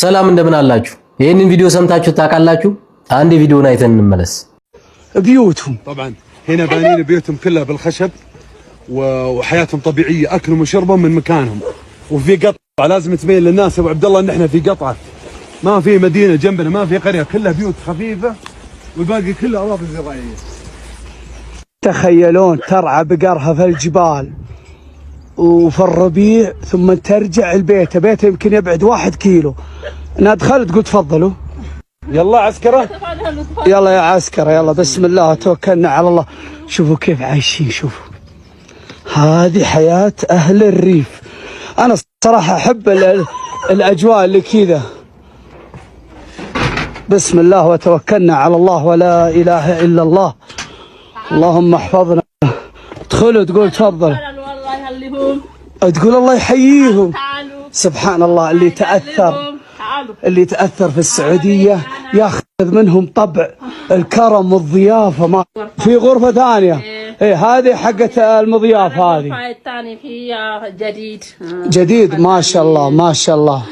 ሰላም እንደምን አላችሁ? ይህንን ቪዲዮ ሰምታችሁ ታውቃላችሁ? አንድ ቪዲዮን አይተን እንመለስ። بيوتهم طبعا هنا بانين بيوتهم كلها بالخشب وحياتهم طبيعيه اكلهم وشربهم من مكانهم وفي قطعه لازم تبين للناس ابو عبد الله ان احنا في قطعه ما في مدينه جنبنا ما في قريه كلها بيوت خفيفه والباقي كلها اراضي زراعيه تخيلون ترعى بقرها في الجبال وفي الربيع ثم ترجع البيت بيته يمكن يبعد واحد كيلو انا دخلت قلت تفضلوا يلا عسكرة يلا يا عسكرة يلا بسم الله توكلنا على الله شوفوا كيف عايشين شوفوا هذه حياة أهل الريف أنا صراحة أحب الأجواء اللي كذا بسم الله وتوكلنا على الله ولا إله إلا الله اللهم احفظنا ادخلوا تقول تفضل يخليهم تقول الله يحييهم سبحان الله اللي تأثر اللي تأثر في السعودية ياخذ منهم طبع الكرم والضيافة ما في غرفة ثانية ايه, إيه، هذه حقت المضياف هذه الثانية فيها جديد آه. جديد ما شاء الله ما شاء الله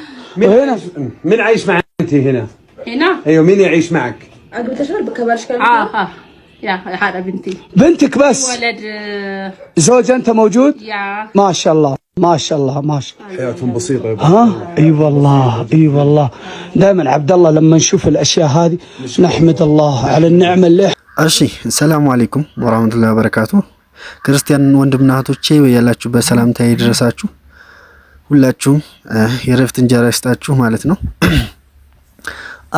وهنا من عايش معك انت هنا هنا ايوه مين يعيش معك؟ اقول تشتغل بكبر شكل اه, آه. بنتك بس ولد زوج انت موجود يا ما شاء الله ما شاء الله ما شاء الله حياتهم بسيطه ها اي والله اي والله دائما عبد الله لما نشوف الاشياء هذه نحمد الله على النعمة اللي እሺ ሰላሙ አለይኩም ወራህመቱላ ወበረካቱ። ክርስቲያን ወንድምና እህቶቼ ያላችሁ በሰላምታ ይድረሳችሁ። ሁላችሁም የረፍት እንጀራ ይስጣችሁ ማለት ነው።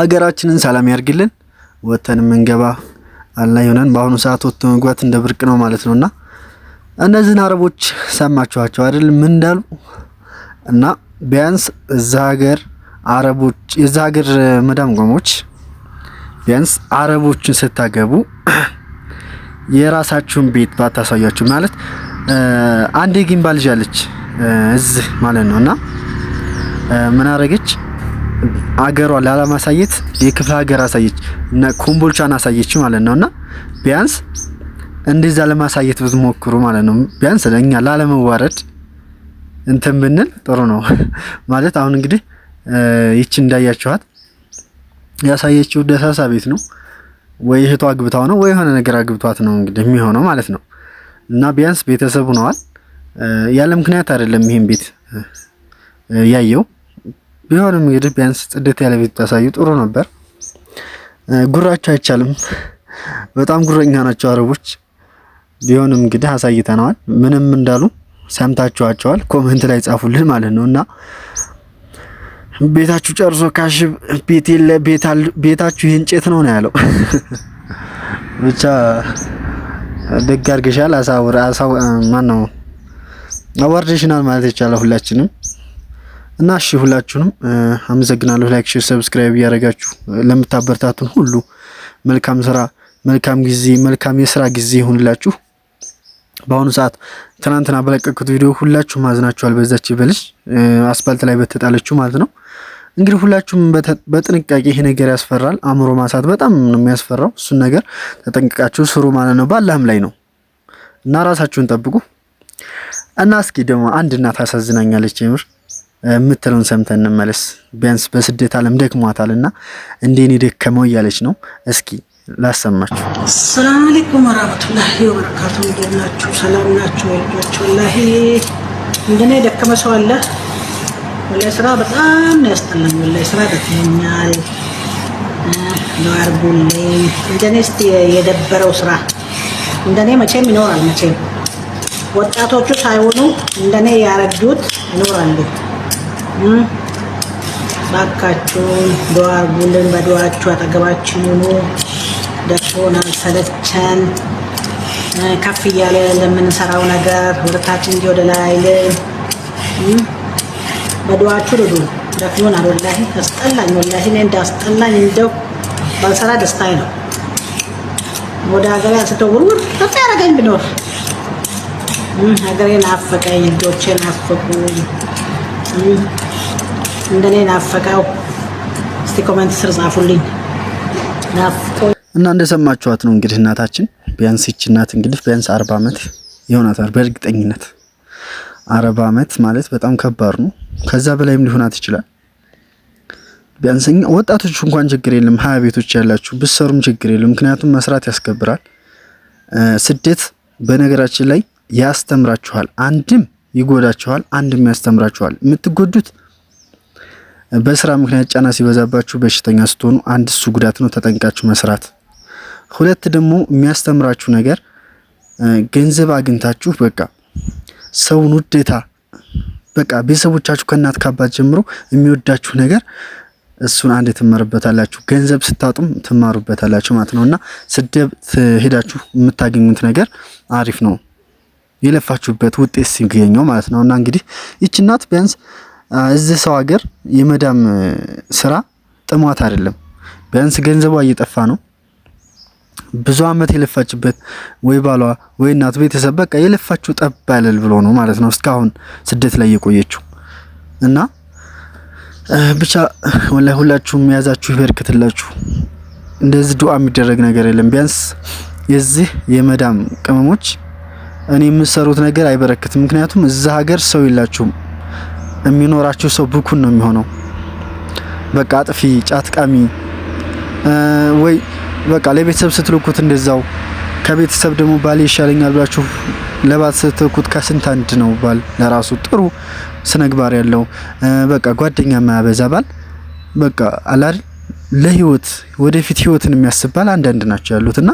አገራችንን ሰላም ያርግልን። ወተን ምንገባ አላህ ይሆናል። በአሁኑ ሰዓት ወጥቶ መግባት እንደ ብርቅ ነው ማለት ነውና እነዚህን አረቦች ሰማችኋቸው አይደል? ምን እንዳሉ እና ቢያንስ እዛ ሀገር አረቦች የዛ ሀገር መዳም ጎሞች ቢያንስ አረቦችን ስታገቡ የራሳችሁን ቤት ባታሳያችሁ ማለት አንዴ ግን ልጅ አለች እዚህ ማለት ነው እና ምን አረገች? አገሯ ላለማሳየት የክፍለ ሀገር አሳየች እና ኮምቦልቻን አሳየች ማለት ነው እና ቢያንስ እንደዛ ለማሳየት ሞክሩ ማለት ነው። ቢያንስ ለእኛ ላለመዋረድ እንትን ብንል ጥሩ ነው ማለት አሁን እንግዲህ ይቺ እንዳያችኋት ያሳየችው ደሳሳ ቤት ነው ወይ እህቷ አግብታው ነው ወይ የሆነ ነገር አግብቷት ነው እንግዲህ የሚሆነው ማለት ነው። እና ቢያንስ ቤተሰብ ሆነዋል ያለ ምክንያት አይደለም ይሄን ቤት ያየው። ቢሆንም እንግዲህ ቢያንስ ጽድት ያለ ቤት ታሳዩ ጥሩ ነበር። ጉራቸው አይቻልም። በጣም ጉረኛ ናቸው አረቦች። ቢሆንም እንግዲህ አሳይተነዋል። ምንም እንዳሉ ሰምታችኋቸዋል። ኮመንት ላይ ጻፉልን ማለት ነው እና ቤታችሁ ጨርሶ ካሽብ ቤት የለ ቤታችሁ ይሄ እንጨት ነው ነው ያለው። ብቻ ደግ አድርገሻል። አሳውር አሳው ማን ነው አዋርደሽናል ማለት ይቻላል። ሁላችንም እና እሺ ሁላችሁንም አመሰግናለሁ። ላይክ፣ ሼር፣ ሰብስክራይብ እያደረጋችሁ ለምታበረታቱን ሁሉ መልካም ስራ መልካም ጊዜ መልካም የስራ ጊዜ ይሁንላችሁ። በአሁኑ ሰዓት ትናንትና በለቀቅኩት ቪዲዮ ሁላችሁም አዝናችኋል። በዛች በልጅ አስፋልት ላይ በተጣለችው ማለት ነው። እንግዲህ ሁላችሁም በጥንቃቄ ይሄ ነገር ያስፈራል። አእምሮ ማሳት በጣም ነው የሚያስፈራው። እሱን ነገር ተጠንቅቃችሁ ስሩ ማለት ነው። በአላህም ላይ ነው እና ራሳችሁን ጠብቁ እና እስኪ ደግሞ አንድ እናት አሳዝናኛለች የምር የምትለውን ሰምተን እንመለስ። ቢያንስ በስደት አለም ደክሟታል እና እንዴን ደከመው እያለች ነው እስኪ ላሰማችሁ። ሰላም አለይኩም ወራህመቱላሂ ወበረካቱ። እንዴት ናችሁ? ሰላም ናችሁ? ልጆች ወላሂ እንደኔ ደከመ ሰው አለ? ወላሂ ስራ በጣም ነው ያስጠላኝ። ወላሂ ስራ ደክመኛል። ለአርቡልኝ እንደኔ እስኪ የደበረው ስራ እንደኔ መቼም ይኖራል። መቼም ወጣቶቹ ሳይሆኑ እንደኔ ያረጁት ይኖራሉ። ባካችሁ ዱዓ አድርጉልን። በዱዓችሁ አጠገባችን ሁኑ። ደርሶናል፣ ሰለቸን። ከፍ እያለ ለምንሰራው ነገር ሁለታችን እንዲህ ወደ ላይ በዱዓችሁ ልዱ ደክሞናል፣ ወላሂ አስጠላኝ፣ ወላሂ እኔ እንዳስጠላኝ እንደው ባልሰራ ደስታዬ ነው። ወደ ሀገሬ አንስተው ውርውር ጠጣ ያደረገኝ ብኖር ሀገሬ ናፈቀኝ፣ ልጆቼ ናፈቁ፣ እንደኔ ናፈቀው። እስቲ ኮመንት ስር ጻፉልኝ ናፍቆ እና እንደሰማችኋት ነው እንግዲህ እናታችን ቢያንስ ይች እናት እንግዲህ ቢያንስ አርባ ዓመት ይሆናታል በእርግጠኝነት አርባ ዓመት ማለት በጣም ከባድ ነው። ከዛ በላይም ሊሆናት ይችላል። ቢያንስ ወጣቶች እንኳን ችግር የለም ሀያ ቤቶች ያላችሁ ብሰሩም ችግር የለም። ምክንያቱም መስራት ያስከብራል። ስደት በነገራችን ላይ ያስተምራችኋል። አንድም ይጎዳችኋል፣ አንድም ያስተምራችኋል። የምትጎዱት በስራ ምክንያት ጫና ሲበዛባችሁ፣ በሽተኛ ስትሆኑ፣ አንድ እሱ ጉዳት ነው። ተጠንቃችሁ መስራት ሁለት ደግሞ የሚያስተምራችሁ ነገር ገንዘብ አግኝታችሁ በቃ ሰውን ውዴታ በቃ ቤተሰቦቻችሁ ከእናት ካባት ጀምሮ የሚወዳችሁ ነገር እሱን አንድ ትመርበታላችሁ ገንዘብ ስታጡም ትማሩበታላችሁ ማለት ነው እና ስደብ ሄዳችሁ የምታገኙት ነገር አሪፍ ነው፣ የለፋችሁበት ውጤት ሲገኘው ማለት ነው እና እንግዲህ ይች እናት ቢያንስ እዚህ ሰው ሀገር የመዳም ስራ ጥሟት አይደለም፣ ቢያንስ ገንዘቧ እየጠፋ ነው ብዙ አመት የለፋችበት ወይ ባሏ ወይ እናት ቤተሰብ በቃ የለፋችሁ ጠብ ያለል ብሎ ነው ማለት ነው እስካሁን ስደት ላይ የቆየችው እና ብቻ ወላሂ ሁላችሁም የያዛችሁ ይበርክትላችሁ። እንደዚህ ዱዓ የሚደረግ ነገር የለም። ቢያንስ የዚህ የመዳም ቅመሞች እኔ የምሰሩት ነገር አይበረክትም። ምክንያቱም እዛ ሀገር ሰው የላችሁም። የሚኖራችሁ ሰው ብኩን ነው የሚሆነው። በቃ አጥፊ፣ ጫትቃሚ ወይ በቃ ለቤተሰብ ስትልኩት እንደዛው ከቤተሰብ ደግሞ ባል ይሻለኛል ብላችሁ ለባት ስትልኩት ከስንት አንድ ነው። ባል ለራሱ ጥሩ ስነግባር ያለው በቃ ጓደኛ ማያበዛ ባል በቃ አላል ለህይወት ወደፊት ህይወትን የሚያስብ ባል አንዳንድ ናቸው ያሉት እና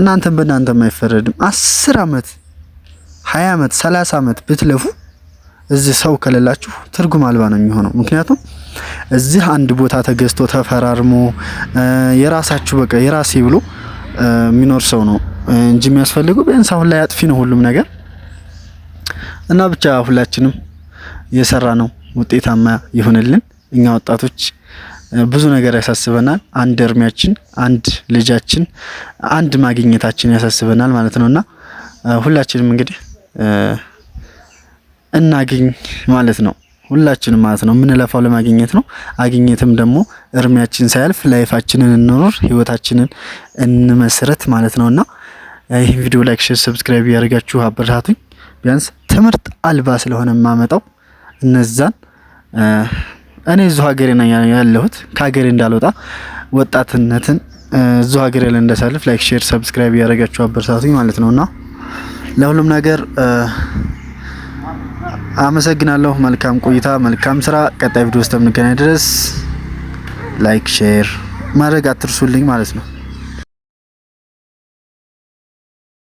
እናንተም በእናንተም አይፈረድም። አስር አመት ሀያ አመት ሰላሳ አመት ብትለፉ እዚህ ሰው ከሌላችሁ ትርጉም አልባ ነው የሚሆነው ምክንያቱም እዚህ አንድ ቦታ ተገዝቶ ተፈራርሞ የራሳችሁ በቃ የራሴ ብሎ የሚኖር ሰው ነው እንጂ የሚያስፈልገው ቢያንስ አሁን ላይ አጥፊ ነው ሁሉም ነገር እና ብቻ ሁላችንም የሰራ ነው ውጤታማ ይሆንልን። እኛ ወጣቶች ብዙ ነገር ያሳስበናል። አንድ እርሚያችን፣ አንድ ልጃችን፣ አንድ ማግኘታችን ያሳስበናል ማለት ነው እና ሁላችንም እንግዲህ እናግኝ ማለት ነው። ሁላችንም ማለት ነው የምንለፋው ለማግኘት ነው። አግኘትም ደግሞ እድሜያችን ሳያልፍ ላይፋችንን እንኖር፣ ህይወታችንን እንመስረት ማለት ነውና ይህን ቪዲዮ ላይክ፣ ሼር፣ ሰብስክራይብ ያደርጋችሁ አበረታቱኝ። ቢያንስ ትምህርት አልባ ስለሆነ የማመጣው እነዛን እኔ እዙ ሀገሬ ነኝ ያለሁት ከሀገሬ እንዳልወጣ ወጣትነትን እዙ ሀገሬ ላይ እንዳሳልፍ ላይክ ሼር ሰብስክራይብ ያደርጋችሁ አበረታቱኝ ማለት ነውና ለሁሉም ነገር አመሰግናለሁ። መልካም ቆይታ፣ መልካም ስራ። ቀጣይ ቪዲዮ እስከምንገናኝ ድረስ ላይክ፣ ሼር ማድረግ አትርሱልኝ ማለት ነው።